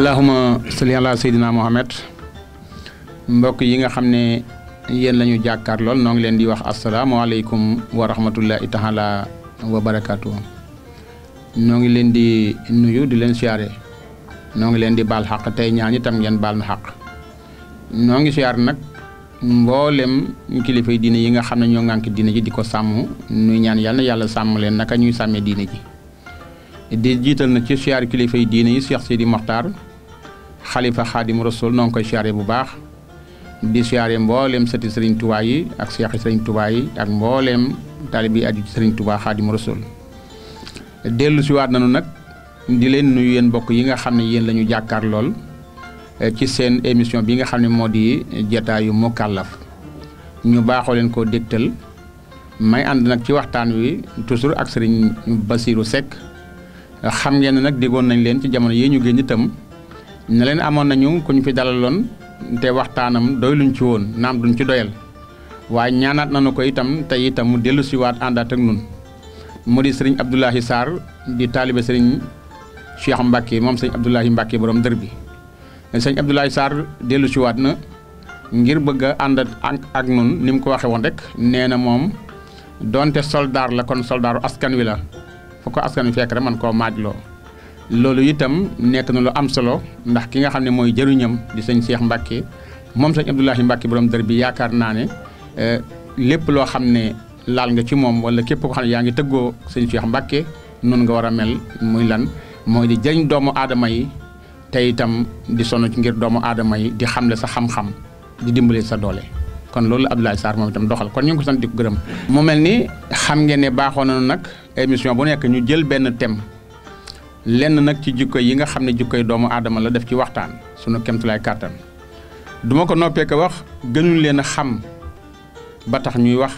allahuma salli ala sayyidina mbokk yi nga xam ne yéen la ñu jàkkaar lool noo ngi leen di wax asalaamaaleykum wa rahmatullahi taala wa barakaatu noo ngi leen di nuyu di leen siyaare noo ngi leen di baal xaq tey ñaan tam ngeen baal na xaq noo ngi siyaar nag mboolem kilifa yi diine yi nga xam ne ñoo ŋànk diine ji di ko sàmm nuy ñaan yàlla yàlla sàmm leen naka ñuy sàmmee diine ji di jiital na ci siyaar kilifa yi diine yi Cheikh Sidi Mokhtar xalifa xaadim rasul noo ngi koy siyaare bu baax di siyaare mbooleem sëti sëriñ tubaa yi ak seexi sëriñ tubaa yi ak mbooleem taalib yi aju sëriñ tubaa xaadim rasul dellu si nanu nag di leen nuyu yéen mbokk yi nga xam ne yéen lañu ñu jàkkaar lool ci seen émission bi nga xam ne moo di jataayu mukallaf ñu baaxoo leen ko dégtal may ànd nag ci waxtaan wi toujours ak sëriñ Basiiru Sekk xam ngeen nag déggoon nañ leen ci jamono yi ñu génn itam ne leen amoon nañu ku ñu fi dalaloon te waxtaanam doy luñ ci woon naam duñ ci doyal waaye ñaanaat nañu ko itam te itam mu dellu siwaat àndaat ak nun mu di sëriñ Abdoulahi Sarr di taalibe sëriñ Cheikh Mbacke moom sëriñ Abdoulahi Mbacke borom dër bi sëriñ Abdoulahi Sarr dellu siwaat na ngir bëgg a ànd ak nun ni mu ko waxee woon rek nee na moom doonte soldaar la kon soldaaru askan wi la fu askan wi fekk rek man koo maajloo loolu itam nekk na lu am solo ndax ki nga xam ne mooy jëruñam di sëñ Cheikh Mbacke moom sëñ Abdoulahi Mbacke borom dër bi yaakaar naa ne euh, lépp loo xam ne laal nga ci moom wala képp ko xam ne yaa ngi tëggoo sëñ Cheikh Mbacke noonu nga war a mel muy lan mooy di jëriñ doomu aadama yi te itam di sonn ci ngir doomu aadama yi di xamle sa xam-xam di dimbale sa doole. kon loolu Abdoulaye Sarr moom itam doxal kon ñu ngi ko sant di ko gërëm. mu mel ni xam ngeen ne baaxoon nañu nag émission bu nekk ñu jël benn thème. lenn nag ci jikko yi nga xam ne jikkoy doomu aadama la def ci waxtaan sunu kemtulaay kàttan duma ko noppeeke wax gënuñ leen xam ba tax ñuy wax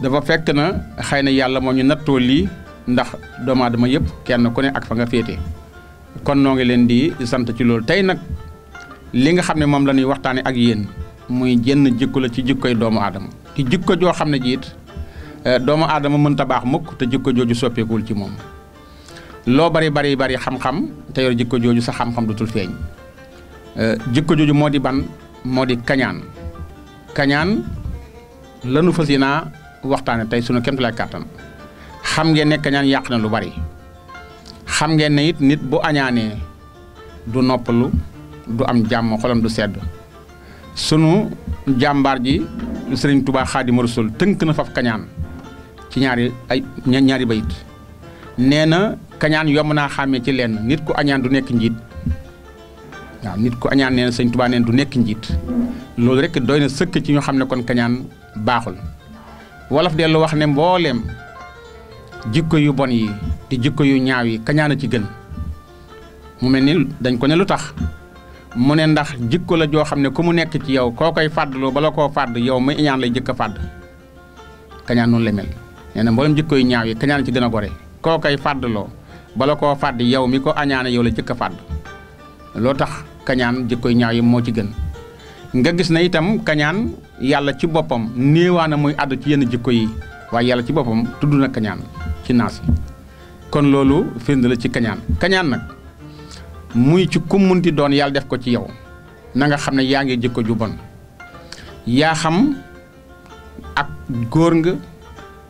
dafa fekk na xëy na yàlla moo ñu nattoo lii ndax doomu adama yëpp kenn ku ne ak fa nga féete kon noo ngi leen di sant ci loolu tey nag li nga xam ne moom la ñuy waxtaanee ak yéen muy jenn jikko la ci jikkoy doomu aadama ki jikko joo xam ne jiit eh, doomu aadama mënta baax mukk te jikko jooju soppeekul ci moom loo bari bari bari xam-xam te yor jikko jooju sa xam-xam dutul feeñ euh, jikko jooju moo di ban moo di kañaan kañaan lanu fas naa waxtaane tey sunu kéemtalaay kàttan xam ngeen ne kañaan yàq na lu bari xam ngeen ne nit bu añaanee du noppalu du am jàmm xolam du sedd sunu jàmbaar ji sëriñ Tuubaa Xaadimu Rasuul tënk na faf kañaan ci ñaari ay bayit nee kañaan yomb naa xàmmee ci lenn nit ku añaan du nekk njiit waaw nit ku añaan nee na sëñ du nekk njiit loolu rek doy na sëkk ci ñu xam ne kon kañaan baaxul wolof dellu wax ne mbooleem jikko yu bon yi di jikko yu ñaaw yi kañaana ci gën mu mel ni dañ ko ne lu tax mu ne ndax jikko la joo xam ne ku mu nekk ci yow koo koy fàddloo bala koo fàdd yow mu iñaan lay jëkk a fàdd kañaan noonu la mel nee na mboolem jikko yu ñaaw yi kañaan ci gën a gore koo koy fàddloo bala koo fàdd yow mi ko añaane yow la jëkk a fàdd loo tax kañaan jikkoy ñaaw yi moo ci gën nga gis na itam kañaan yàlla ci boppam néewaana muy àddu ci yenn jikko yi waaye yàlla ci boppam tudd na kañaan ci naas kon loolu firnde la ci kañaan kañaan nag muy ci ku doon yàlla def ko ci yow nanga xam ne yaa ngi jikko ju bon yaa xam ak góor nga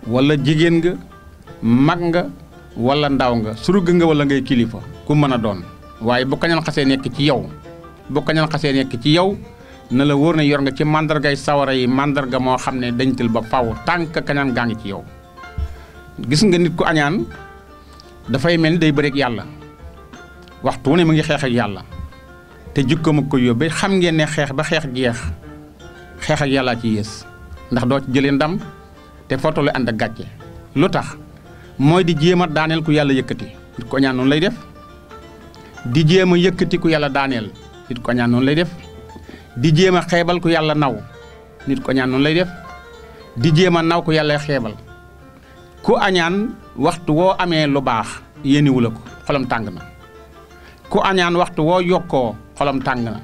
wala jigéen nga mag nga wala ndaw nga surga nga wala ngay kilifa ku mën a doon waaye bu kañaan xasee nekk ci yow bu kañaan xasee nekk ci yow na la wóor ne yor nga ci màndargay sawara yi màndarga moo xam ne dañ tël ba faw tànk kañaan gaa ngi ci yow gis nga nit ku añaan dafay mel ni day bëreeg yàlla waxtu ne mu ngi xeex ak yàlla te jikkoom ak ko yóbbee xam ngeen ne xeex ba xeex jeex xeex ak yàlla ci yées ndax doo ci jëlee ndam te foo ànd ak gàcce lu tax mooy di jéem a daaneel ku yàlla yëkkati nit ko ñaan noonu lay def di jéem a yëkkati ku yàlla daaneel nit ko ñaan noonu lay def di jéem a xeebal ku yàlla naw nit ko ñaan noonu lay def di jéem a naw ku yàlla xeebal ku añaan waxtu woo amee lu baax yéeniwu la ko xolam tàng na ku añaan waxtu woo yokkoo xolam tàng na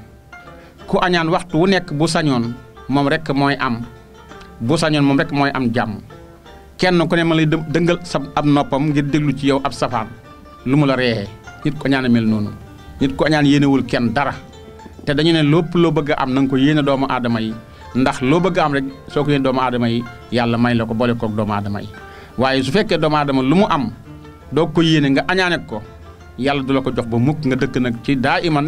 ku añaan waxtu wu nekk bu sañoon moom rekk mooy am bu sañoon moom rekk mooy am jàmm kenn ku ne ma lay dëngal sa ab noppam ngir déglu ci yow ab safaan lu mu la reexee nit ko ñaan mel noonu nit ko ñaan yéenewul kenn dara te dañu ne lépp loo bëgg am na ko yéene doomu aadama yi ndax loo bëgg a am rek soo ko yéene doomu aadama yi yàlla may la ko boole kook doomu aadama yi waaye su fekkee doomu aadama lu mu am doo ko yéene nga añaane ko yàlla du la ko jox ba mukk nga dëkk nag ci daa iman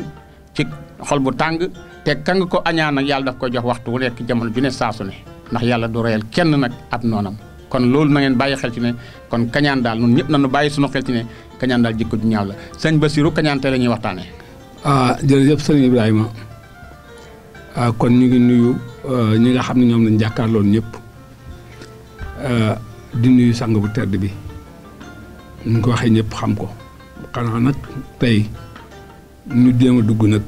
ci xol bu tàng te ka ko añaan nag yàlla daf koy jox waxtu wu nekk jamono ju ne saasu ne ndax yàlla du reyal kenn nag ab noonam kon loolu nangeen bàyyi xel ci ne kon kañaan daal ñun ñëpp nañu bàyyi suñu xel ci ne kañaan daal jikko ju ñaaw la sëñ Basiru kañaan tey la ñuy waxtaane ah jërëjëf sëriñ Ibrahima ah, kon ñu ngi nuyu ah, ñi nga xam ne ñoom lañ jàkkaar ñëpp ah, di nuyu sang bu tedd bi ñu ko waxee ñëpp xam ko xanaa nag tey ñu jéem a dugg nag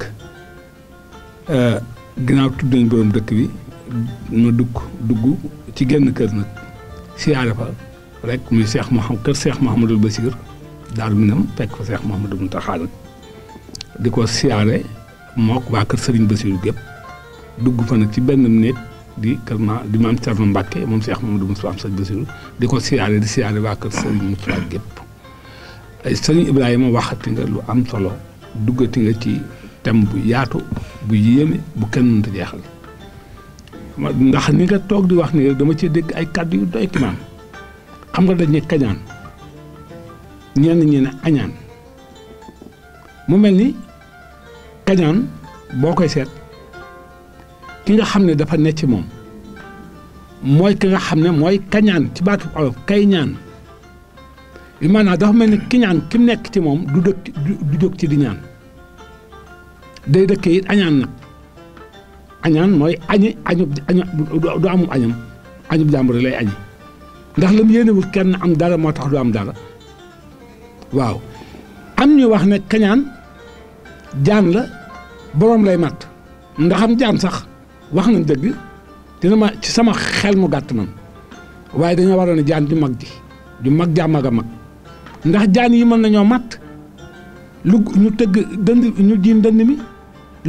ginnaaw tudd nañ borom dëkk bi ma dugg dugg ci genn kër nag siyaare fa rek muy seex Mouham kër seex Mouhamadul Bachir daal mi nam fekk fa seex Mouhamadul Mountakha di ko siyaare mook waa kër sëriñ Bachir gépp dugg fa na ci benn néeg di kër ma di maam Thierno Mbacke moom seex Mouhamadou Moustapha Serigne Bachir di ko siyaare di siyaare waa kër Serigne Moustapha gépp Serigne Ibrahima waxati nga lu am solo duggati nga ci thème bu yaatu bu yéeme bu kenn mënta jeexal. ndax ni nga toog di wax ni dama ci dégg ay kàddu yu doy timaan xam nga dañ ne kañaan ñenn ñi ne añaan mu mel ni kañaan boo koy seet ki nga xam ne dafa nekk ci moom mooy ki nga xam ne mooy kañaan ci baatu olof kay ñaan bi maanaam dafa mel ni ki kim nekk ci moom du dëkk du jóg ci di ñaan day dëkkee it añaan nag añaan mooy añi añu añu du amum añam añub jàmbur lay añi ndax la mu yéenewul kenn am dara moo tax du am dala waaw am ñu wax ne kañaan jaan la boroom lay mat ndax am jaan sax wax nañ dëgg dina ma ci sama xel mu gàtt man waaye dañoo waroon ne jaan ju mag ji ju mag jaa mag a mag ndax jaan yi mën nañoo matt lugg ñu tëgg dënd ñu jiin dënd mi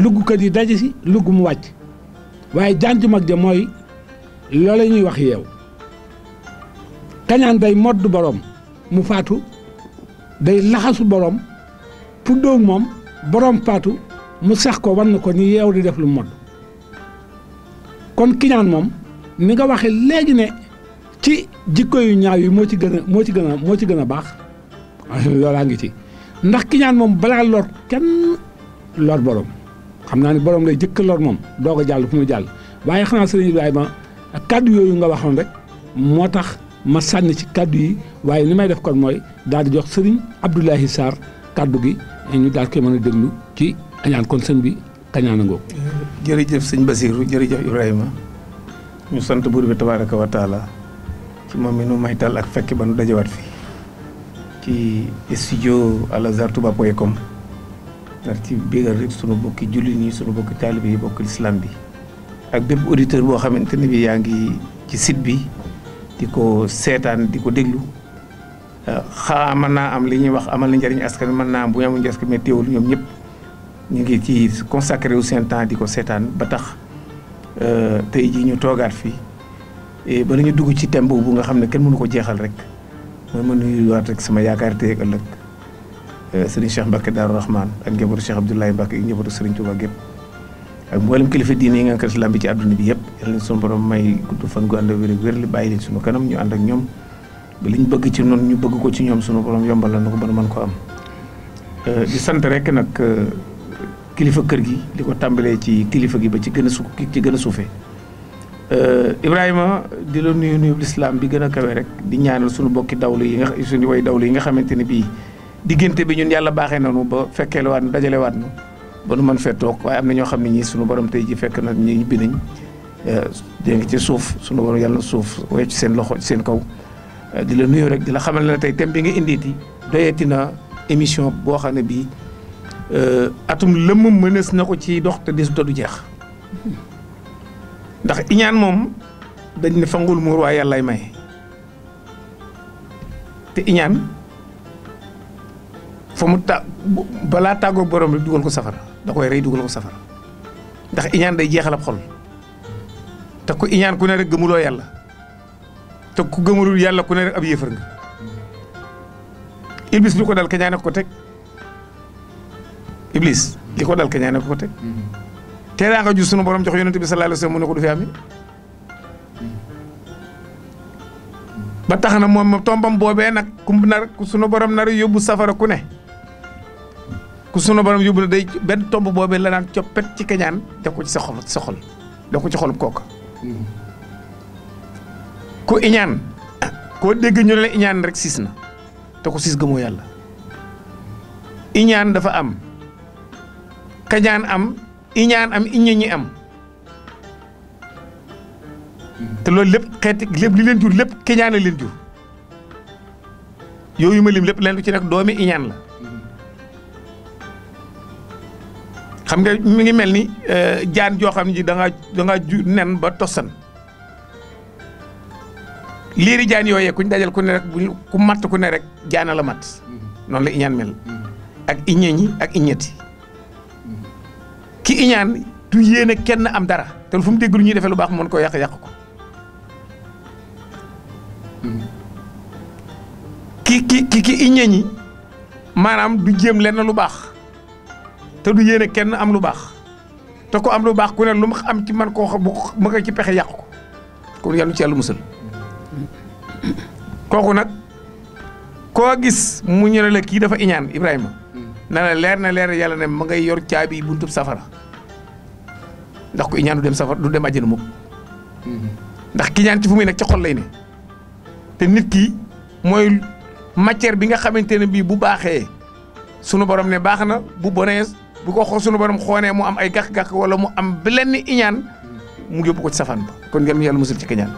luggkat yi daje si lugg mu wàcc waaye jaan ju mag ja mooy loola ñuy wax yeew kañaan day modd boroom mu faatu day laxasu borom puddóog moom borom faatu mu sax ko wan na ko ni yeew di def lu modd kon kiñaan moom ni nga waxe léegi ne ci jikko yu ñaaw yi moo ci gën a moo ci gën a moo ci gën a baax loolaa ngi ci ndax kiñaan moom balaa lor kenn lor borom xam naa ne borom lay jëkk moom doog a jàll fu mu jàll waaye xanaa sëriñ Ibrahima kàddu yooyu nga waxoon rek moo tax ma sànni ci kàddu yi waaye li may def kon mooy daal di jox sëriñ Abdoulahi Sarr kàddu gi ñu daal koy mën a déglu ci añaan kon sëñ bi kañaan a ngoog jërëjëf sëñ Basiru jërëjëf Ibrahima ñu sant buur bi tabaaraka wa taala ci moom mi nu maytal ak fekk ba nu dajawaat fi ci studio alazhartouba.com ndax ci bégal rek sunu bokki jullit ñi sunu bokki taalibe yi bokk islam bi ak bépp auditeur boo xamante ne bi yaa ngi ci site bi di ko seetaan di ko déglu xaa mën naa am li ñuy wax amal na njëriñ askan mën naa am bu ñu amul njëriñ mais teewul ñoom ñëpp ñu ngi ci consacré wu seen temps di ko seetaan ba tax euh, tey jii ñu toogaat fii ba la ñu dugg ci thème bu nga xam ne kenn mënu ko jeexal rek mooy ma nuyuwaat rek sama yaakaar tey ëllëg Eh, sëriñ Cheikh Mbacke Darou Rahman ak njabootu Cheikh Abdoulaye Mbacke ak njabootu sëriñ Touba gépp ak mboolem kilifa diine yi nga xam ne làmb ci àdduna bi yëpp yal nañu sunu borom may gudd li ñu ànd ak ñoom li ñu bëgg ci noonu ñu bëgg ko ci ñoom sunu borom yombal na ko ba ko eh, di sant rek nag eh, kilifa kër gi li ko tàmbalee ci kilifa gi ba ci gën a su ci gën a suufee Ibrahima di la nuyu nuyu lislaam bi gën a kawe rek di ñaanal sunu bokki dawlu yi nga suñu way dawlu yi nga xamante ne bii. diggante bi ñun yàlla baaxee nañu ba fekkee waat nu dajale waat na ba nu mën fee toog waaye am na ñoo xam ne ñii sunu borom tey ji fekk na ñu ñibbi nañ eh, nga ci suuf sunu borom yàlla na suuf wecc seen loxo seen kaw eh, di la nuyoo rek di la xamal ne tey thème bi nga indiiti doyati na émission boo xam ne bii eh, atum lëmm mënees na ko ci dox te des du jeex ndax iñaan moom dañ ne fangul muur waaye yàllaay may te iñaan fa mu ta balaa tàggoog borom rek dugal ko safara da koy rey dugal ko safara ndax iñaan day jeexal ab xol te ku iñaan ku ne rek gëmuloo yàlla te ku gëmulul yàlla ku ne rek ab yéefar nga iblis li ko dal kañaane ko teg iblis li ko dal kañaane ko teg mm-hmm. teraanga ju sunu borom jox yonent bi sallallahu alayhi mu ne ko du fi amee mm-hmm. ba tax na moom tombam boobee nag ku nar sunu borom nar yóbbu safara ku ne ku sunu borom yóbbu la day benn tomb boobee la daan coppet ci kañaan def ko ci sa xol ko ci xolub kook hmm. ku iñaan koo dégg ñu la iñaan rek siis na te ko siis gëmoo yàlla iñaan dafa am kañaan am iñaan am iññe ñi am hmm. te loolu lépp xeeti lépp li leen jur lépp kañaan a leen jur yooyu ma lim lépp leen lu ci nekk doomi iñaan la xam nga mi ngi mel ni euh, jaan joo xam ne da ngaa nen ba tossan liiri jaan yooye kuñ dajal ku ne rek buñ ku matt ku ne rek jaana la mat noonu la iñaan mel ak iñee ñi ak iñeeti ki iñaan du yéene kenn am dara te fu mu dégg lu ñuy defee lu baax mën ko yàq yàq ko ki ki ki ki iñee ñi maanaam du jéem lenn lu baax te du yéene kenn am lu baax te ko am lu baax ku ne lu mu am ci man koo xam mu ko ci pexe yàqu ko kon yàlla ci yàlla musal kooku nag koo gis mu ñëw la kii dafa iñaan Ibrahima na la leer na leer yàlla ne ma ngay yor caabi buntu safara ndax ku iñaan du dem safara du dem àjjana mukk ndax ki ñaan ci fu muy nekk ci lay ne te nit ki mooy matière bi nga xamante ne bii bu baaxee sunu borom ne baax na bu bonees bu ko sunu borom xoonee mu am ay gàq-gàq wala mu am benn iñaan mu yóbbu ko ci safaan ba kon ngeen yàlla musul ci kiñaan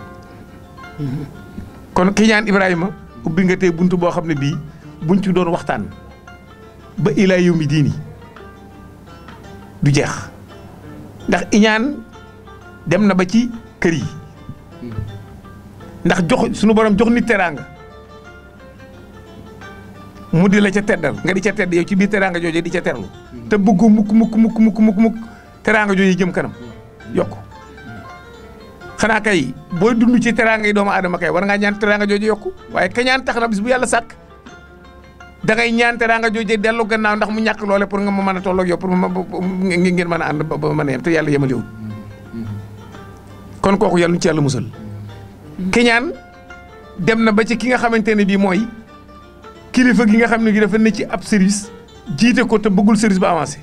kon kiñaan Ibrahima ubbi nga tey bunt boo xam ne bii buñ ci doon waxtaan ba ilaa yawmi diini du jeex ndax iñaan dem na ba ci kër yi ndax jox sunu borom jox nit teraanga mu di la ca teddal nga di ca tedd yow ci biir teraanga jooje di ca terlu te bëggu mukk mukk mukk mukk mukk mukk teraanga jooju jëm kanam yokku xanaa kay booy dund ci teraanga yi doomu aadama kay war ngaa ñaan teraanga jooju yokku waaye ka ñaan tax na bis bu yàlla sàkk da ngay ñaan teraanga jooju dellu gannaaw ndax mu ñàkk loole pour nga ma mën a tolloog yow pour ma ngeen mën a ànd ba mën a yem te yàlla yemalewul kon kooku yàlla ci yàlla musal ki ñaan dem na ba ci ki nga xamante ne bii mooy kilifa gi nga xam ne gi dafa ne ci ab service jiite ko te bëggul service ba avancé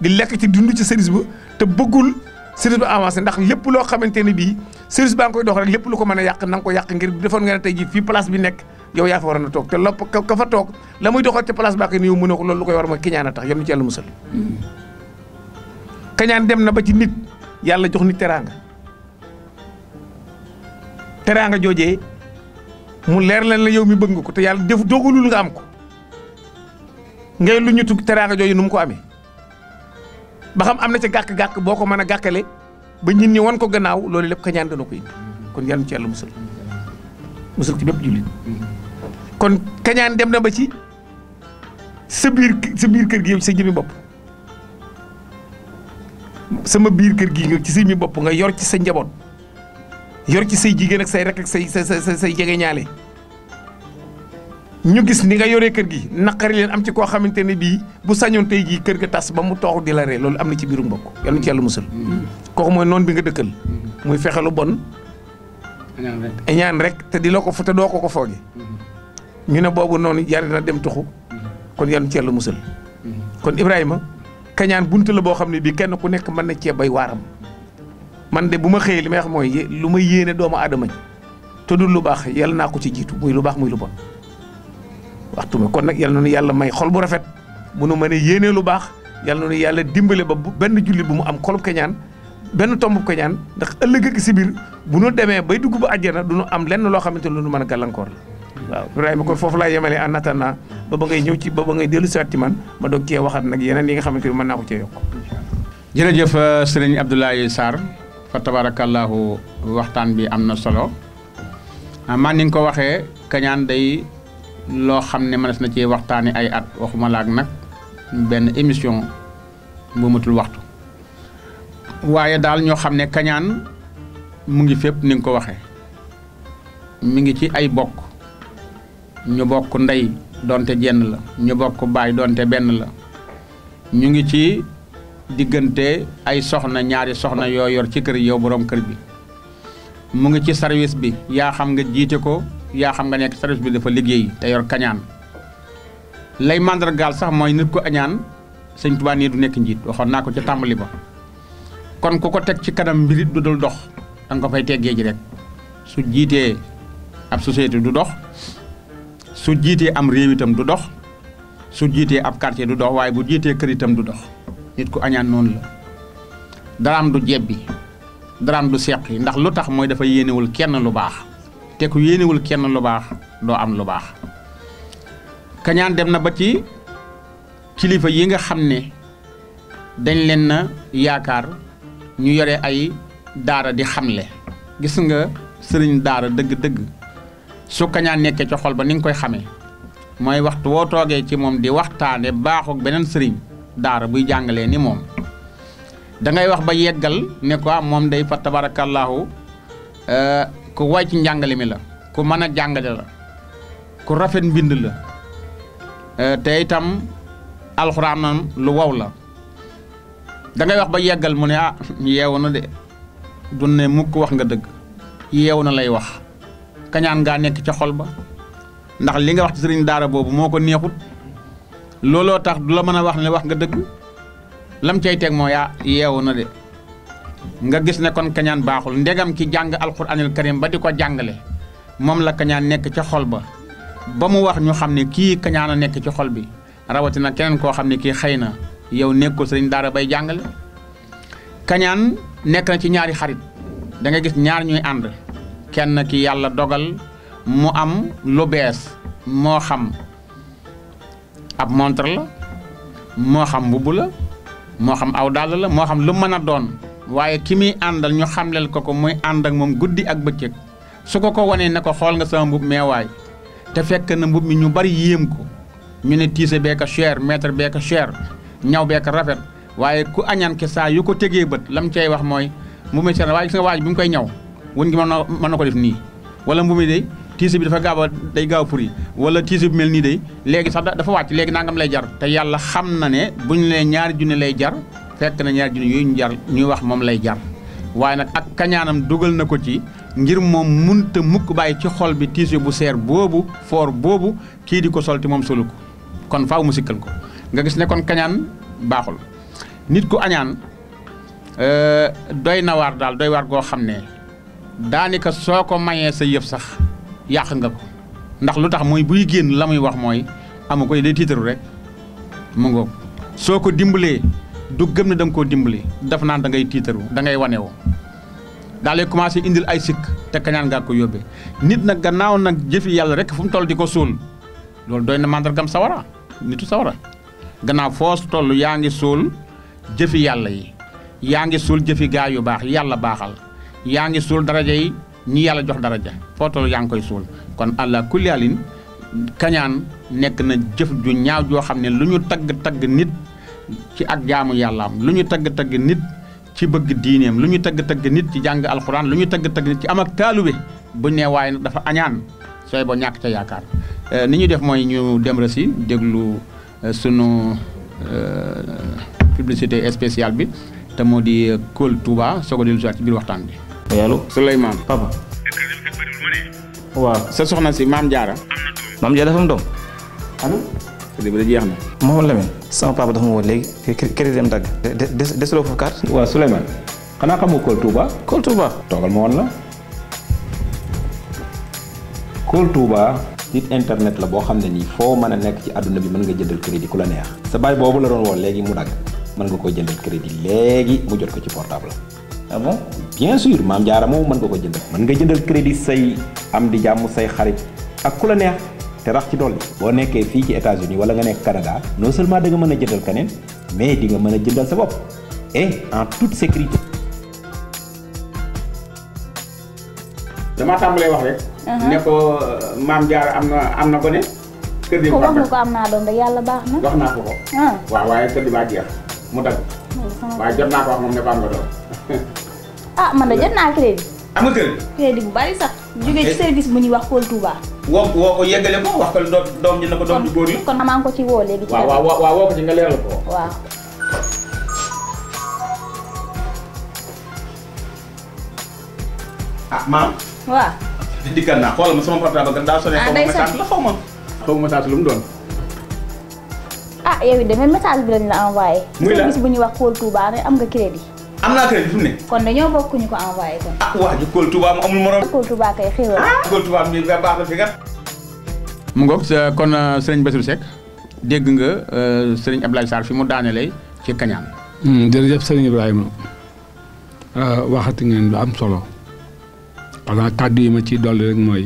di lekk ci dund ci service ba te bëggul service ba avancé ndax lépp loo xamante ne bii service baa nga koy dox rek lépp lu ko mën a yàq na nga ko yàq ngir defoon nga ne tey jii fii nekk yaa fa waroon a toog te lopp ka fa toog la muy doxal te place baa ko loolu lu koy a tax yal na ci yàlla musal mm-hmm. kañaan dem na ba ci nit yàlla jox nit teraanga teraanga joojee mu leer leen la yow mi bëgg nga ko te yàlla def dogalul nga am ko ngay lu ñu tugg teraanga jooju nu mu ko amee ba xam am na ca gàkk-gàkk boo ko mën a gàkkale ba ñit ñi wan ko gannaaw loolu lépp kañaan ñaan dana kon indi kon yàlla ci yàlla musal musal ci bépp jullit kon kañaan dem na ba ci sa biir sa biir kër gi yow ci sa jëmmi bopp sama biir kër gi nga ci sa jëmmi bopp nga yor ci sa njaboot yor ci say jigéen ak say rek ak say say say say jegeñaale ñu gis ni nga yoree kër gi naqari leen am ci koo xamante ne bii bu sañoon tey jii kër ga tas ba mu toox di la ree loolu am na ci biiru mbokk yàlla na ci yàlla musal mooy noonu bi nga dëkkal muy fexe bon ñaan rek te di la ko te doo ko ko fooge ne boobu noonu yar na dem tuxu kon yàlla na ci musal kon Ibrahima kañaan buntu la boo xam ne bii kenn ku nekk mën na cee bay waaram man de bu ma xëyee li may wax mooy lu ma yéene doomu aadama te dul lu baax yàlla naa ko ci jiitu muy lu baax muy lu bon waxtu mi kon nag yal na nu yàlla may xol bu rafet bu nu mënee yéenee lu baax yal na nu yàlla dimbale ba bu benn jullit bu mu am xolub keñaan benn tomb keñaan ndax ëllëg ak si bu nu demee bay dugg ba àjjana du nu am lenn loo xamante ne lu man mën a gàllankoor la. waaw Ibrahima kon foofu laa yemale en attendant ba ba ngay ñëw ci ba ba ngay dellu siwaat ci man ma doog cee waxaat nag yeneen yi nga xamante ne mën naa ko cee yokk. jërëjëf euh, sëriñ Abdoulaye Sarr fa tabarakallahu waxtaan bi am na solo ah, man ni nga ko waxee keñaan day. loo xam ne mënees na cee waxtaane ay at waxuma laag nag benn émission bu matul waxtu waaye daal ñoo xam ne kañaan mu ngi fépp ni nga ko waxee mu ngi ci ay bokk ñu bokk ndey donte jenn la ñu bokk baay donte benn la ñu ngi ci diggante ay soxna ñaari soxna yoo yor ci kër yow boroom kër bi mu ngi ci service bi yaa xam nga jiite ko yaa xam nga nekk service bi dafa liggéey te yor kañaan lay màndargaal sax mooy nit ko añaan sëñ Tuubaa nii du nekk njiit waxoon naa ko ca tàmbali ba kon ku ko teg ci kanam mbirit du dul dox danga ko fay teggee ji rek su jiitee ab société du dox su jiitee am réew du dox su jiitee ab quartier du dox waaye bu jiitee këritam du dox nit ku añaan noonu la daraam du jebbi daraam du seq yi ndax lu tax mooy dafa yéenewul kenn lu baax te ku yéenewul kenn lu baax doo am lu baax kañaan dem na ba ci kilifa yi nga xam ne dañ leen na yaakaar ñu yore ay daara di xam le gis nga sëriñ daara dëgg-dëgg su kañaan nekkee ci xol ba ni nga koy xamee mooy waxtu woo toogee ci moom di waxtaane baaxu beneen sëriñ daara buy jàngalee ni moom da wax ba yeggal ne ko ah, moom day fa tabarakallahu euh, ku way ci njàngale mi la ku mën a jàngale la ku rafet mbind la eh, te itam alxuraanam lu wow la dangay wax ba yeggal mu ne ah yeewu na de du ne mukk wax nga dëgg yeewu na lay wax kañaan ngaa nekk ca xol ba ndax li nga wax ci sëriñ daara boobu moo ko neexut looloo tax du la mën a wax ne wax nga dëgg lam cay teg moo yaa ah, yeewu na de nga gis ne kon kañaan baaxul ndegam ki jàng alquranil karim ba di ko jàngale moom la kañaan nekk ca xol ba ba mu wax ñu xam ne kii kañaan a nekk ci xol bi rawatina keneen koo xam ne kii xëy na yow nekkul sëriñ daara bay jàngale kañaan nekk na ci ñaari xarit da gis ñaar ñuy ànd kenn ki yàlla dogal mu am lu bees moo xam ab montre la moo xam mbubb la moo xam aw dàll la moo xam lu mën a doon waaye ki muy àndal ñu xamleel ko ko muy ànd ak moom guddi ak bëccëg su ko ko wanee ne ko xool nga sama mbub meewaay te fekk na mbub mi ñu bari yéem ko ñu ne tiise bee ko cher mètre bee ko cher ñaw bee ko rafet waaye ku añaan ke saa yu ko tegee bët lam cay wax mooy mbu mi cher na waaye gis nga waaj bi mu koy ñaw wuñ ngi mën na mën na ko nii wala mbu mi day tiise bi dafa gaaw a day gaaw pour yi wala tiise bi mel nii day léegi sax dafa wàcc léegi nangam lay jar te yàlla xam na ne buñ lee ñaari junne lay jar fekk na ñaar junni yooyu ñu jar ñuy wax moom lay jar waaye nag ak kañaanam dugal na ko ci ngir moom munta mukk bàyyi ci xol bi tiise bu seer boobu foor boobu kii di ko solti moom solu ko kon faw mu sikkal ko nga gis ne kon kañaan baaxul nit ku añaan euh, doy na waar daal doy waar goo xam ne daanaka soo ko mayee sa yëf sax yàq nga ko ndax lu tax mooy buy génn la muy wax mooy amu koy day tiitaru rek mu ngoog soo ko dimbalee du gëm ne da nga koo dimbali daf naan da ngay tiitaru da ngay wane woo daal lay commencé indil ay sikk te kañaan ngaa ko yóbbee nit nag gannaaw nag jëfi yàlla rek fu mu toll di ko suul loolu dooy na màndargam sawara nitu sawara gannaaw foo toll yaa ngi suul jëfi yàlla yi yaa ngi suul jëfi gaa yu baax yàlla baaxal yaa ngi suul daraja yi ñi yàlla jox daraja foo toll yaa ngi koy suul kon allah kulli kañaan nekk na jëf ju ñaaw joo xam ne lu ñu tagg tagg nit ci ak jaamu yàllaam lu ñu tagg-tagg nit ci bëgg diineem lu ñu tagg-tagg nit ci jàng alxuraan lu ñu tagg-tagg nit ci am ak taalube bu nee waaye nag dafa añaan sooy ba ñàkk ca yaakaar eh, ni ñu def mooy ñu dem rësi déglu eh, sunu eh, publicité spéciale bi te moo di Kool Touba soog a dellu ci biir waxtaan bi. allo Souleymane papa. waaw sa soxna si maam Diarra. maam Diarra dafa am doom. crédit bi jeex na. Mouhamadou Lamine sama papa dafa ma woo léegi crédit dem dagg. des desuloo foofu carte. waaw Souleymane xanaa xam nga Kool Touba. Kool Touba. toogal ma woon la. Kool Touba. site internet la boo xam ne nii foo mën a nekk ci àdduna bi mën nga jëndal crédit ku la neex. sa baay boobu la doon woo léegi mu dagg mën nga koy jëndal crédit léegi mu jot ko ci portable. ah bon bien sûr maam jaara moom mën nga koo jëndal. man nga jëndal crédit say am di jàmm say xarit te rax ci dolli boo nekkee fii ci États-Unis wala nga nekk Canada non seulement da mën a jëndal keneen mais di nga mën a jëndal sa bopp et en toute sécurité. damaa tàmbalee wax rek. Uh-huh. ne ko uh, maam Diarra am na am na gone. kër ko wax ko am naa doom rek yàlla baax na. wax naa ko ko. Ah. waaw waaye kër di baa jeex mu dagg. waaye jot naa ko wax moom ne ko am nga doom. ah man de jot naa crédit. am nga crédit. crédit bu bari sax. Ah, jógee ci service bu ñuy wax Pôle Touba. woo woo ko yeggale ko wax ko doom doom ji na ko doom ju góor yi. kon kon amaa ko ci woo léegi. ci la waaw waaw woo ko ci waaw. Ah, maam. waaw. dikkal naa xoolal ma sama portable daa sonné. ah day ma. xaw ma lu mu doon. ah yow it de message bi lañ la envoyé. muy la gis bu ñuy wax Kool Touba am nga crédit. am naa kër gi fu mu ne. kon dañoo bokk ko envoyé kon. ah waa ji Kool mu amul morom. Kool Touba kay xéwal. Ah, Kool Touba mi mu ngoog kon euh, sëriñ Bassirou Seck dégg nga euh, sëriñ Abdoulaye Sarr fi mu daanelee ci kañaan. sëriñ hmm, Ibrahima euh, waxati ngeen lu am solo xanaa kàddu yi ma ciy dolli rek mooy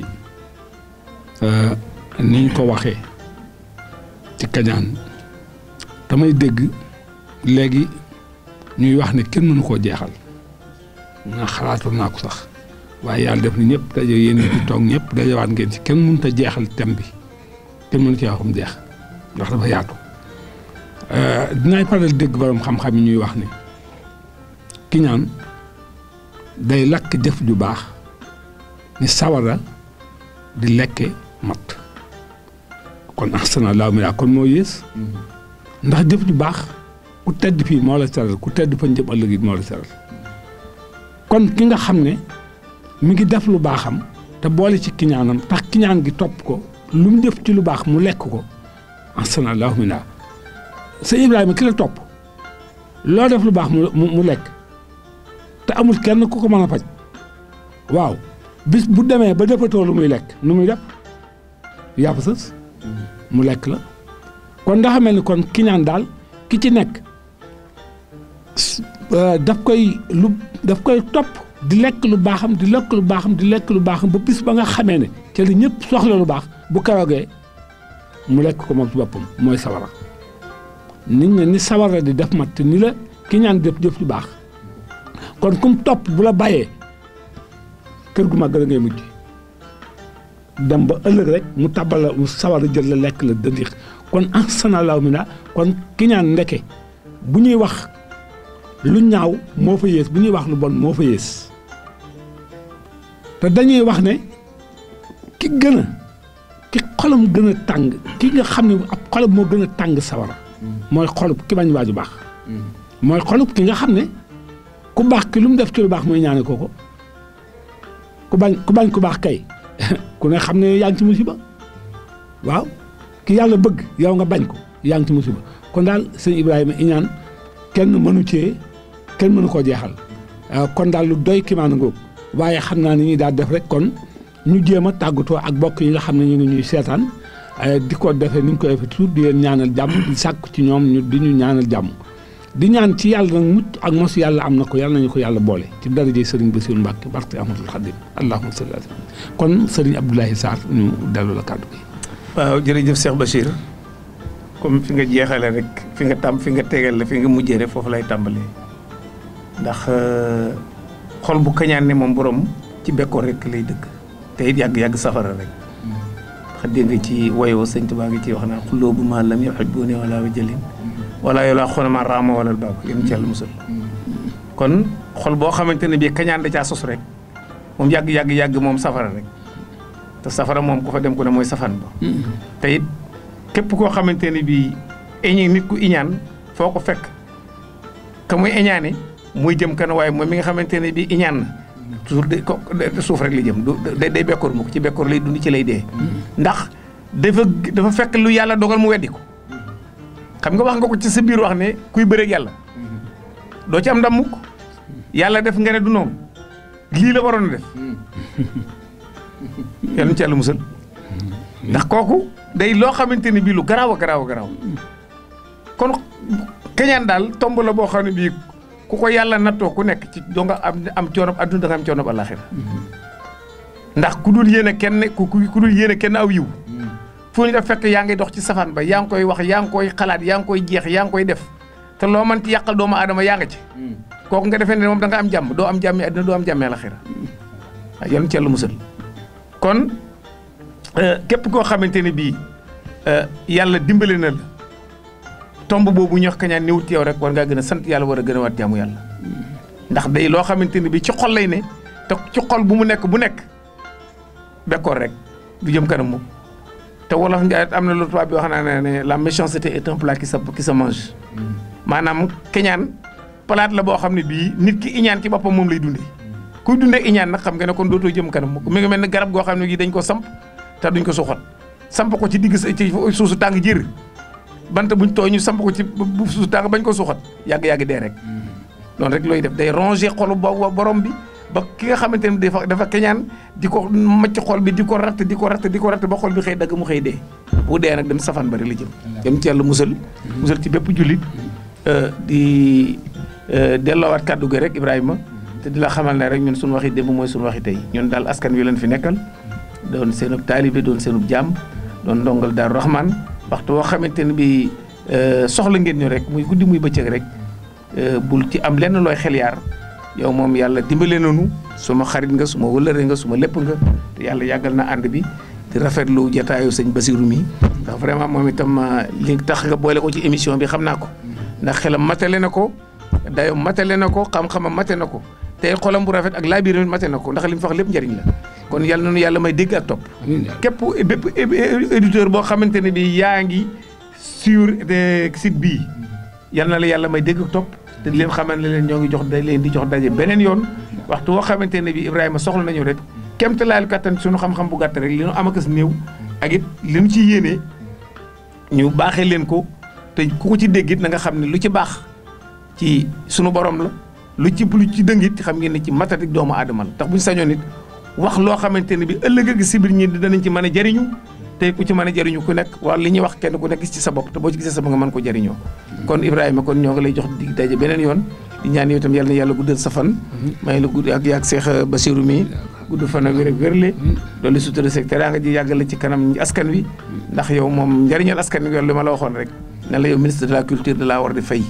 niñ ko waxee ci kañaan damay dégg léegi. ñuy wax ne kenn mënu koo jeexal na xalaatal naa ko sax waaye yàlla def ni ñëpp daje yéen toog ñëpp dajewaat ngeen ci kenn mënut a jeexal thème bi kenn mënu ci waxum jeex ndax dafa yaatu euh, dinaay faral dégg boroom xam-xam yi ñuy wax ni ki ñaan day lakk jëf ju baax ni sawara di lekke mat kon ahsana laaw mi laa kon moo yées mm-hmm. ndax jëf ju baax ku tedd fii moo la saral ku tedd fañ jëm ëllëg it moo la kon ki nga xam ne mi ngi def lu baaxam te boole ci kiñaanam tax kiñaan gi topp ko lu mu def ci lu baax mu lekk ko ahsan allahu minna sëñ Ibrahima ki la topp loo def lu baax mu mu lekk te amul kenn ku ko mën a faj waaw bis bu demee ba dëppatoo lu muy lekk nu muy def yàpp sës mm-hmm. mu lekk la kon nga xamee ni kon kiñaan daal ki ci nekk Euh, daf koy lu daf koy topp di lekk lu baaxam di lekk lu baaxam di lekk lu baaxam ba bis ba nga xamee ne ca li ñëpp soxla lu baax bu karogee mu lekk ko moom ci boppam mooy sawara nit ñi ni sawara di def mat ni la ki ñaan def jëf lu baax kon kum topp bu la bàyyee kër gu màgg a ngay mujj dem ba ëllëg rek mu tabal la mu sawara jël la lekk la dëndix kon en sanalaaw mi naa kon kiñaan ndeke bu ñuy wax lu ñaaw moo fa yées bu ñuy wax lu bon moo fa yées te dañuy wax ne ki gën a ki xolam gën a tàng ki nga xam ne ab xolam moo gën a tàng sawara mooy xolub ki bañ waaju baax mooy xolub ki nga xam ne ku baax ki lu mu def ci lu baax mooy ñaane kooko ku bañ ku bañ ku baax kay ku ne xam ne yaa ngi ci musiba waaw ki yàlla bëgg yow nga bañ ko yaa ngi ci musiba kon daal sëñ Ibrahima iñaan kenn mënu cee kenn mënu koo jeexal ah, kon daal lu doy kimaan ngoog waaye xam naa ni ñuy daal def rek kon ñu jéem a tàggatoo ak bokk yi nga xam ne ñu ngi ñuy seetaan eh, di ko defe ni ñu koy defee toujours di leen ñaanal jàmm di sàkk ci ñoom ñu di ñu ñaanal jàmm di ñaan ci yàlla nag mucc ak mosu yàlla am na ko yàlla nañu ko yàlla boole ci daraje Serigne Bassirou Mbacke barke Ahmadul Khadim allahumma salli ala kon Serigne Abdoulaye Sarr ñu dellu la kàddu gi. waaw jërëjëf Cheikh comme fi nga jeexale rek fi nga tàmm fi nga tegal la fi nga mujjee rek foofu lay tàmbalee. ndax euh, xol bu kañaan ne moom borom ci bekkoo rek lay dëkk te it yàgg-yàgg safara rek ndax dégg ci woyoo sëñ Tuubaa ngi ci wax naa xulloo bu ma lam yuhibbuuni wala wajalin wala yow laa xonama raama wala baaba yém ci yàlla musal kon xol boo xamante ne bii kañaan da caa sos rek moom yàgg-yàgg-yàgg moom safara rek te safara moom ko fa dem ku ne mooy safan ba te képp koo xamante ne bii iñi nit ku iñaan foo ko fekk ka muy iñaane mooy jëm kan waaye moom mi nga xamante ne bi iñaan na toujours de suuf rek li jëm day bekkoor mu ko ci bekkoor lay dund ci lay dee ndax dafa dafa fekk lu yàlla dogal mu weddi ko xam nga wax nga ko ci sa biir wax ne kuy bëreeg yàlla doo ci am ndam mukk yàlla def nga du noonu lii la waroon a def yàlla ñu ci musal ndax kooku day loo xamante ne bii lu garaaw a garaaw a garaaw kon keñaan daal tomb la boo xam bii ku ko yàlla nattoo ku nekk ci doo nga am am coonob adduna da nga am coonob àllaaxira mm-hmm. ndax ku dul yéene kenn ku ku dul yéene kenn aw yiw mm-hmm. foo ñu def fekk yaa ngi dox ci safaan ba yaa ngi koy wax yaa ngi koy xalaat yaa koy jeex yaa ngi koy def te loo mën ci yàqal doomu aadama yaa nga ci mm-hmm. kooku nga defee ne moom danga am jàmm doo am jàmmi adduna doo am jàmmee àllaaxira yàlla ci yàlla musal kon euh, képp koo xamante ne bii euh, yàlla dimbale na tomb boobu ñox kañaan néew teew rek war ngaa gën a sant yàlla war a gën a war jaamu yàlla ndax day loo xamante ni bi ci xol lay ne te ci xol bu mu nekk bu nekk bekkoor rek du jëm kanam moom te am na lu tubaab bi wax naa ne la méchanceté est un plat qui se qui se mm. maanaam keñaan palaat la boo xam ne bii nit ki iñaan ki boppam moom lay dundee kuy dundee iñaan nag xam nga ne kon dootoo jëm kanam moom mi ngi mel ne garab goo xam ne gi dañ ko samp te duñ ko suxat samp ko ci digg ci tàng jër bant buñ tooy ñu samp ko ci bu suuf tàng bañ ko suuxat yàgg-yàgg dee rek hmm. loolu rek looy def day ronger xolu ba borom bi ba ki nga xamante ne dafa dafa keñaan di ko macc xol bi di ko ratt di ko ratt di ko ratt ba xol bi xëy dagg mu xëy dee bu dee nag dem safaan bari la jëm hmm. dem ci yàlla musal hmm. musal ci bépp jullit euh, di euh, delloowaat kàddu gi rek Ibrahima te di la xamal ne rek ñun suñu waxi démb mooy suñu waxi tey ñun daal askan wi leen fi nekkal doon seenub taalibe doon seenub jàmm doon ndongal Daaru Rahmaan waxtu woo xamante ne bi euh, soxla ngeen ñu rek muy guddi muy bëccëg rek euh, bul ci am lenn looy xel yaar yow moom yàlla dimbale nañu suma xarit nga suma wëllëre nga suma lépp nga yàlla yàggal na ànd bi di rafetlu jotaayu sëñ Basiru mi ndax vraiment moom itam euh, li tax nga boole ko ci émission bi xam naa ko ndax xelam matale na ko dayoo matale na ko xam-xamam mate na ko te xolam bu rafet ak laabiram mate na ko ndax li mu wax lépp njëriñ la kon yàlla nañu yàlla may dégg ak topp. képp bépp éditeur boo xamante ne bi yaa ngi sur site bii yal na la yàlla may dégg ak topp te leen xamal ne leen ñoo ngi jox da leen di jox daje beneen yoon waxtu woo xamante ne bi Ibrahima soxla nañu rek kemtalaayu kattan suñu xam-xam bu gàtt rek li nu am ak néew ak it li nu ci yéenee ñu baaxee leen ko te ku ko ci dégg it nga xam ne lu ci baax ci sunu borom la lu ci lu ci dëngit xam ngeen ne ci matatik doomu aadama la tax bu ñu sañoon wax loo xamante ne bi ëllëg ak si biir ñi danañ ci mën a jariñu te ku ci mën a jariñu ku nekk wala li ñu wax kenn ku nekk ci sa bopp te boo ci gisee sa bopp nga mën ko jariñoo kon Ibrahima kon ñoo ngi lay jox dig daje beneen yoon di ñaan yow itam yàlla na yàlla guddal sa fan may la gudd ak yaag Seex Basiru mi gudd fan ak wér ak wérle doolu sutura seeg teraanga ji yàggal la ci kanam askan wi ndax yow moom njariñal askan wi li ma la waxoon rek ne la yow ministre la culture de la war di fay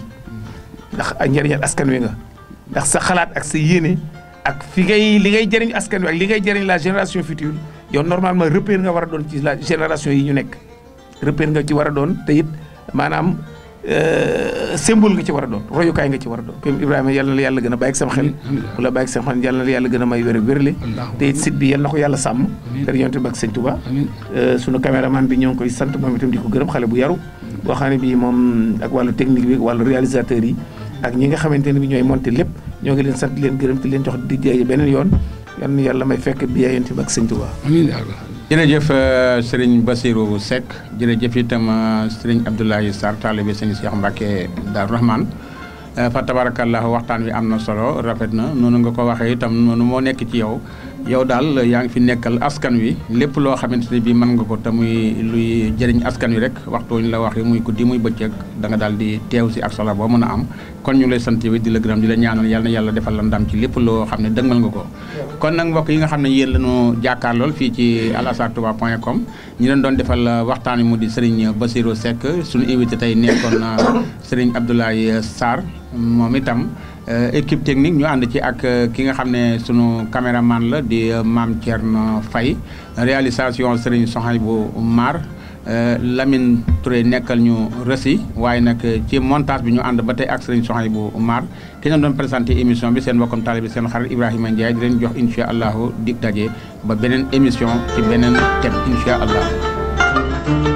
ndax njariñal askan wi nga ndax sa xalaat ak sa yéene ak fi ngay li ngay jëriñ askan wi li ngay jëriñ la génération future yow normalement repère nga war a doon ci la génération yi ñu nekk repère nga ci war a doon te it maanaam euh, symbole nga ci war a doon royukaay nga ci war a doon comme Ibrahima yal na la yàlla gën a bàyyi sama xel ku la bàyyi sama xel yal na la gën a may wér wérle te it site bi yal na ko yàlla sàmm ter yonte bi ak sëñ Touba euh, sunu man bi ñoo ngi koy sant moom itam di ko gërëm xale bu yaru boo xam ne bii moom ak wàllu technique bi ak wàllu yi ak ñi xamante ne bi ñooy monté lépp ñoo ngi leen sant leen gërëm te leen jox di jaay beneen yoon yal yàlla may fekk bi yaayante bi ak sëñ Tuubaa amiin jërëjëf euh, sëriñ Basirou Seck jërëjëf itam euh, sëriñ Abdoulaye Sarr taalibe sëñ Cheikh Mbacke Darou Rahman euh, fa tabarakallah waxtaan wi am na solo rafet na noonu nga ko waxee itam noonu moo nekk ci yow yow daal yaa ngi fi nekkal askan wi lépp loo xamante ne bii mën nga ko te muy luy jëriñ askan wi rek waxtu ñu la wax muy ko di muy bëccëg da nga daal di teew si ak solo boo mën a am kon ñu lay sant bi di la gërëm di la ñaanal yàlla na yàlla defal la ndam ci lépp loo xam ne dëgmal nga ko kon nag mbokk yi nga xam ne yéen lañu jàkkaar lool fii ci alazhartouba point com ñi leen doon defal waxtaan wi mu di Serigne Bassirou Seck suñu invité tey nekkoon Serigne Abdoulaye Sarr moom itam Euh, équipe technique ñu ànd ci ak euh, ki nga xam ne sunu caméraman la di euh, Mame Thierno fay réalisation Serigne Sohaibou Mar Lamine Touré nekkal ñu rësi waaye nag ci montage bi ñu ànd ba tey ak Serigne Sohaibou Mar ki ñu doon présenté émission bi seen mbokkam taalibe bi seen xarit Ibrahima Ndiaye di leen jox incha allahu di daje ba beneen émission ci beneen thème incha allah.